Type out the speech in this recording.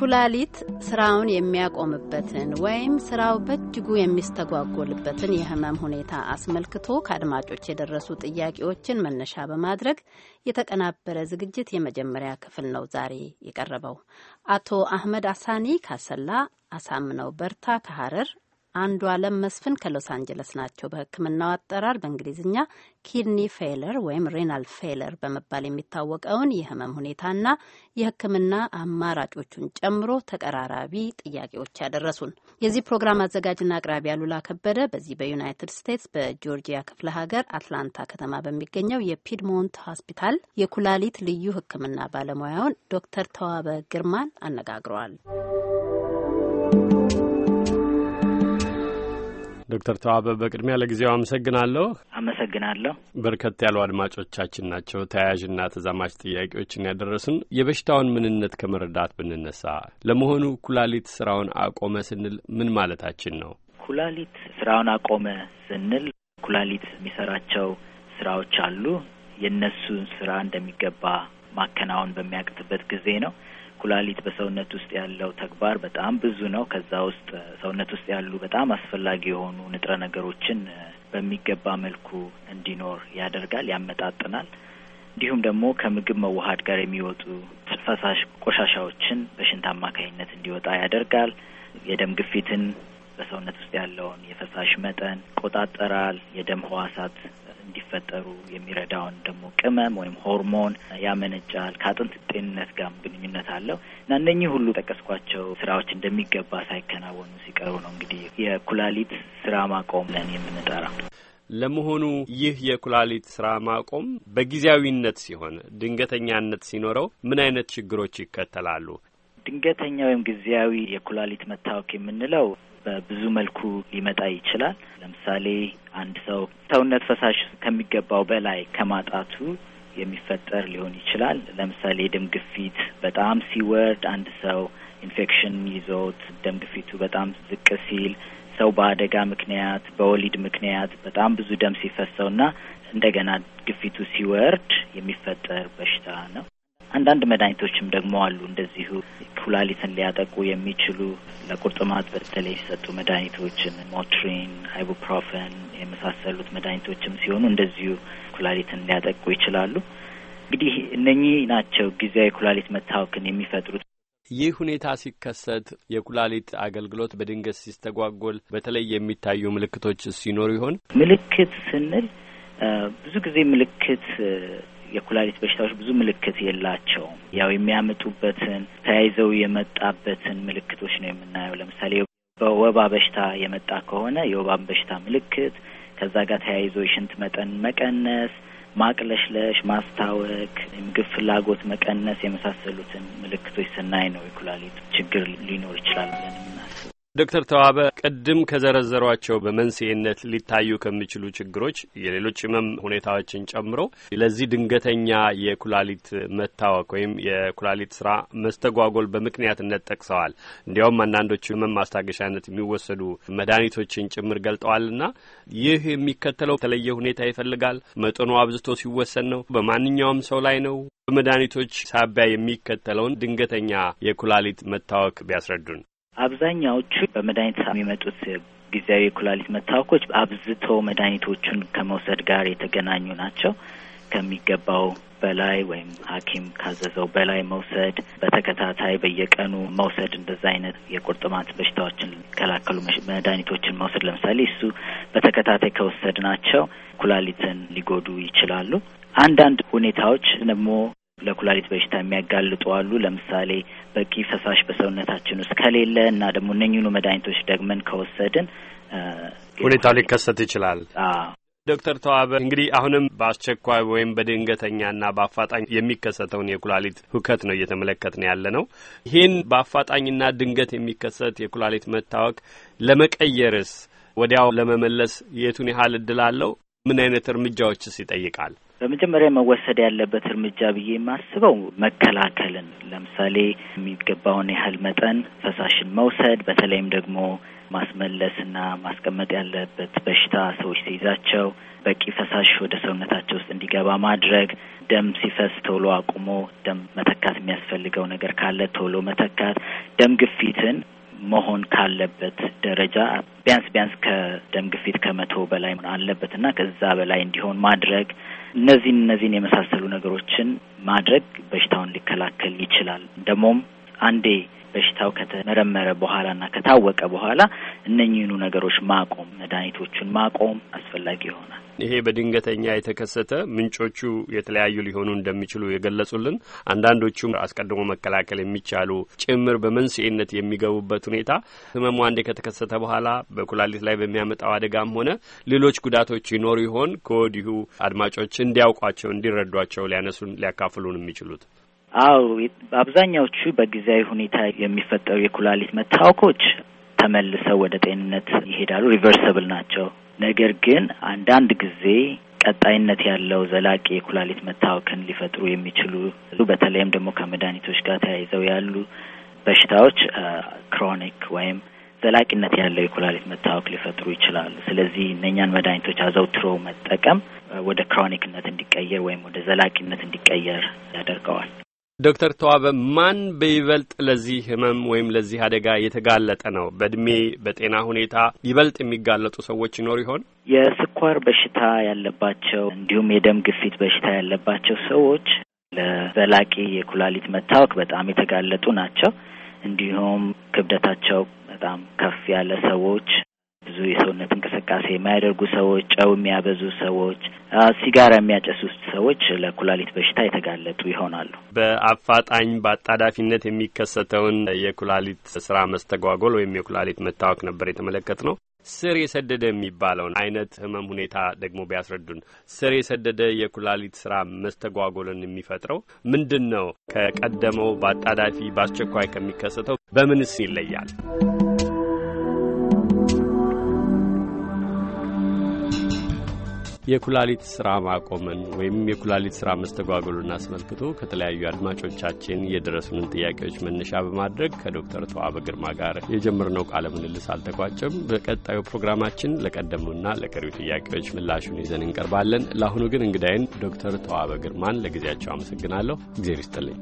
ኩላሊት ስራውን የሚያቆምበትን ወይም ስራው በእጅጉ የሚስተጓጎልበትን የህመም ሁኔታ አስመልክቶ ከአድማጮች የደረሱ ጥያቄዎችን መነሻ በማድረግ የተቀናበረ ዝግጅት የመጀመሪያ ክፍል ነው ዛሬ የቀረበው። አቶ አህመድ አሳኒ ካሰላ፣ አሳምነው በርታ ከሐረር አንዱ አለም መስፍን ከሎስ አንጀለስ ናቸው። በሕክምናው አጠራር በእንግሊዝኛ ኪድኒ ፌለር ወይም ሬናል ፌለር በመባል የሚታወቀውን የህመም ሁኔታና የሕክምና አማራጮቹን ጨምሮ ተቀራራቢ ጥያቄዎች ያደረሱን የዚህ ፕሮግራም አዘጋጅና አቅራቢ አሉላ ከበደ በዚህ በዩናይትድ ስቴትስ በጆርጂያ ክፍለ ሀገር አትላንታ ከተማ በሚገኘው የፒድሞንት ሆስፒታል የኩላሊት ልዩ ሕክምና ባለሙያውን ዶክተር ተዋበ ግርማን አነጋግረዋል። ዶክተር ተዋበ በቅድሚያ ለጊዜው አመሰግናለሁ። አመሰግናለሁ። በርከት ያሉ አድማጮቻችን ናቸው ተያያዥና ተዛማች ጥያቄዎችን ያደረሱን። የበሽታውን ምንነት ከመረዳት ብንነሳ ለመሆኑ ኩላሊት ስራውን አቆመ ስንል ምን ማለታችን ነው? ኩላሊት ስራውን አቆመ ስንል ኩላሊት የሚሰራቸው ስራዎች አሉ። የእነሱን ስራ እንደሚገባ ማከናወን በሚያቅትበት ጊዜ ነው። ኩላሊት በሰውነት ውስጥ ያለው ተግባር በጣም ብዙ ነው። ከዛ ውስጥ ሰውነት ውስጥ ያሉ በጣም አስፈላጊ የሆኑ ንጥረ ነገሮችን በሚገባ መልኩ እንዲኖር ያደርጋል፣ ያመጣጥናል። እንዲሁም ደግሞ ከምግብ መዋሀድ ጋር የሚወጡ ፈሳሽ ቆሻሻዎችን በሽንት አማካኝነት እንዲወጣ ያደርጋል። የደም ግፊትን በሰውነት ውስጥ ያለውን የፈሳሽ መጠን ይቆጣጠራል። የደም ህዋሳት እንዲፈጠሩ የሚረዳውን ደግሞ ቅመም ወይም ሆርሞን ያመነጫል። ከአጥንት ጤንነት ጋር ግንኙነት አለው እና እነኚህ ሁሉ ጠቀስኳቸው ስራዎች እንደሚገባ ሳይከናወኑ ሲቀሩ ነው እንግዲህ የኩላሊት ስራ ማቆም ብለን የምንጠራው። ለመሆኑ ይህ የኩላሊት ስራ ማቆም በጊዜያዊነት ሲሆን፣ ድንገተኛነት ሲኖረው ምን አይነት ችግሮች ይከተላሉ? ድንገተኛ ወይም ጊዜያዊ የኩላሊት መታወክ የምንለው በብዙ መልኩ ሊመጣ ይችላል። ለምሳሌ አንድ ሰው ሰውነት ፈሳሽ ከሚገባው በላይ ከማጣቱ የሚፈጠር ሊሆን ይችላል። ለምሳሌ ደም ግፊት በጣም ሲወርድ አንድ ሰው ኢንፌክሽን ይዞት ደም ግፊቱ በጣም ዝቅ ሲል ሰው በአደጋ ምክንያት በወሊድ ምክንያት በጣም ብዙ ደም ሲፈሰውና እንደገና ግፊቱ ሲወርድ የሚፈጠር በሽታ ነው። አንዳንድ መድኃኒቶችም ደግሞ አሉ እንደዚሁ ኩላሊትን ሊያጠቁ የሚችሉ ለቁርጥማት በተለይ ሲሰጡ መድኃኒቶችን ሞትሪን፣ አይቡፕሮፈን የመሳሰሉት መድኃኒቶችም ሲሆኑ እንደዚሁ ኩላሊትን ሊያጠቁ ይችላሉ። እንግዲህ እነኚህ ናቸው ጊዜያዊ ኩላሊት መታወክን የሚፈጥሩት። ይህ ሁኔታ ሲከሰት የኩላሊት አገልግሎት በድንገት ሲስተጓጎል በተለይ የሚታዩ ምልክቶች ሲኖሩ ይሆን? ምልክት ስንል ብዙ ጊዜ ምልክት የኩላሊት በሽታዎች ብዙ ምልክት የላቸውም። ያው የሚያመጡበትን ተያይዘው የመጣበትን ምልክቶች ነው የምናየው። ለምሳሌ በወባ በሽታ የመጣ ከሆነ የወባን በሽታ ምልክት ከዛ ጋር ተያይዞ የሽንት መጠን መቀነስ፣ ማቅለሽለሽ፣ ማስታወክ፣ የምግብ ፍላጎት መቀነስ የመሳሰሉትን ምልክቶች ስናይ ነው የኩላሊት ችግር ሊኖር ይችላል ብለን የምናስበው። ዶክተር ተዋበ ቅድም ከዘረዘሯቸው በመንስኤነት ሊታዩ ከሚችሉ ችግሮች የሌሎች ህመም ሁኔታዎችን ጨምሮ ለዚህ ድንገተኛ የኩላሊት መታወክ ወይም የኩላሊት ስራ መስተጓጎል በምክንያትነት ጠቅሰዋል። እንዲያውም አንዳንዶቹ ህመም ማስታገሻነት የሚወሰዱ መድኃኒቶችን ጭምር ገልጠዋልና ይህ የሚከተለው የተለየ ሁኔታ ይፈልጋል። መጠኑ አብዝቶ ሲወሰን ነው። በማንኛውም ሰው ላይ ነው። በመድኃኒቶች ሳቢያ የሚከተለውን ድንገተኛ የኩላሊት መታወክ ቢያስረዱን። አብዛኛዎቹ በመድኃኒት የሚመጡት ጊዜያዊ የኩላሊት መታወኮች አብዝተው መድኃኒቶቹን ከመውሰድ ጋር የተገናኙ ናቸው። ከሚገባው በላይ ወይም ሐኪም ካዘዘው በላይ መውሰድ፣ በተከታታይ በየቀኑ መውሰድ፣ እንደዛ አይነት የቁርጥማት በሽታዎችን ሊከላከሉ መድኃኒቶችን መውሰድ ለምሳሌ እሱ በተከታታይ ከወሰድ ናቸው ኩላሊትን ሊጎዱ ይችላሉ። አንዳንድ ሁኔታዎች ደግሞ ለኩላሊት በሽታ የሚያጋልጡ አሉ። ለምሳሌ በቂ ፈሳሽ በሰውነታችን ውስጥ ከሌለ እና ደግሞ እነኝኑ መድኃኒቶች ደግመን ከወሰድን ሁኔታው ሊከሰት ይችላል። ዶክተር ተዋበ እንግዲህ አሁንም በአስቸኳይ ወይም በድንገተኛና በአፋጣኝ የሚከሰተውን የኩላሊት ሁከት ነው እየተመለከት ነው ያለ ነው። ይህን በአፋጣኝና ድንገት የሚከሰት የኩላሊት መታወክ ለመቀየርስ፣ ወዲያው ለመመለስ የቱን ያህል እድል አለው? ምን አይነት እርምጃዎችስ ይጠይቃል? በመጀመሪያ መወሰድ ያለበት እርምጃ ብዬ የማስበው መከላከልን፣ ለምሳሌ የሚገባውን ያህል መጠን ፈሳሽን መውሰድ፣ በተለይም ደግሞ ማስመለስና ማስቀመጥ ያለበት በሽታ ሰዎች ሲይዛቸው በቂ ፈሳሽ ወደ ሰውነታቸው ውስጥ እንዲገባ ማድረግ፣ ደም ሲፈስ ቶሎ አቁሞ ደም መተካት የሚያስፈልገው ነገር ካለ ቶሎ መተካት፣ ደም ግፊትን መሆን ካለበት ደረጃ ቢያንስ ቢያንስ ከደም ግፊት ከመቶ በላይ አለበት እና ከዛ በላይ እንዲሆን ማድረግ እነዚህን እነዚህን የመሳሰሉ ነገሮችን ማድረግ በሽታውን ሊከላከል ይችላል። ደግሞም አንዴ በሽታው ከተመረመረ በኋላና ከታወቀ በኋላ እነኚህኑ ነገሮች ማቆም፣ መድኃኒቶቹን ማቆም አስፈላጊ ይሆናል። ይሄ በድንገተኛ የተከሰተ ምንጮቹ የተለያዩ ሊሆኑ እንደሚችሉ የገለጹልን፣ አንዳንዶቹም አስቀድሞ መከላከል የሚቻሉ ጭምር በመንስኤነት የሚገቡበት ሁኔታ ህመሙ አንዴ ከተከሰተ በኋላ በኩላሊት ላይ በሚያመጣው አደጋም ሆነ ሌሎች ጉዳቶች ይኖሩ ይሆን? ከወዲሁ አድማጮች እንዲያውቋቸው፣ እንዲረዷቸው ሊያነሱን ሊያካፍሉን የሚችሉት አው አብዛኛዎቹ በጊዜያዊ ሁኔታ የሚፈጠሩ የኩላሊት መታወኮች ተመልሰው ወደ ጤንነት ይሄዳሉ። ሪቨርሰብል ናቸው። ነገር ግን አንዳንድ ጊዜ ቀጣይነት ያለው ዘላቂ የኩላሊት መታወክን ሊፈጥሩ የሚችሉ በተለይም ደግሞ ከመድኃኒቶች ጋር ተያይዘው ያሉ በሽታዎች ክሮኒክ ወይም ዘላቂነት ያለው የኩላሊት መታወክ ሊፈጥሩ ይችላሉ። ስለዚህ እነኛን መድኃኒቶች አዘውትሮ መጠቀም ወደ ክሮኒክነት እንዲቀየር ወይም ወደ ዘላቂነት እንዲቀየር ያደርገዋል። ዶክተር ተዋበ ማን በይበልጥ ለዚህ ህመም ወይም ለዚህ አደጋ የተጋለጠ ነው? በእድሜ በጤና ሁኔታ ይበልጥ የሚጋለጡ ሰዎች ይኖሩ ይሆን? የስኳር በሽታ ያለባቸው እንዲሁም የደም ግፊት በሽታ ያለባቸው ሰዎች ለዘላቂ የኩላሊት መታወክ በጣም የተጋለጡ ናቸው። እንዲሁም ክብደታቸው በጣም ከፍ ያለ ሰዎች ብዙ የሰውነት እንቅስቃሴ የማያደርጉ ሰዎች፣ ጨው የሚያበዙ ሰዎች፣ ሲጋራ የሚያጨሱ ሰዎች ለኩላሊት በሽታ የተጋለጡ ይሆናሉ። በአፋጣኝ በአጣዳፊነት የሚከሰተውን የኩላሊት ስራ መስተጓጎል ወይም የኩላሊት መታወክ ነበር የተመለከት ነው። ስር የሰደደ የሚባለውን አይነት ህመም ሁኔታ ደግሞ ቢያስረዱን። ስር የሰደደ የኩላሊት ስራ መስተጓጎልን የሚፈጥረው ምንድን ነው? ከቀደመው በአጣዳፊ በአስቸኳይ ከሚከሰተው በምንስ ይለያል? የኩላሊት ስራ ማቆምን ወይም የኩላሊት ስራ መስተጓጎሉን አስመልክቶ ከተለያዩ አድማጮቻችን የደረሱንን ጥያቄዎች መነሻ በማድረግ ከዶክተር ተዋበ ግርማ ጋር የጀመርነው ቃለ ምልልስ አልተቋጨም። በቀጣዩ ፕሮግራማችን ለቀደሙና ለቀሪው ጥያቄዎች ምላሹን ይዘን እንቀርባለን። ለአሁኑ ግን እንግዳይን ዶክተር ተዋበ ግርማን ለጊዜያቸው አመሰግናለሁ። እግዜር ይስጥልኝ።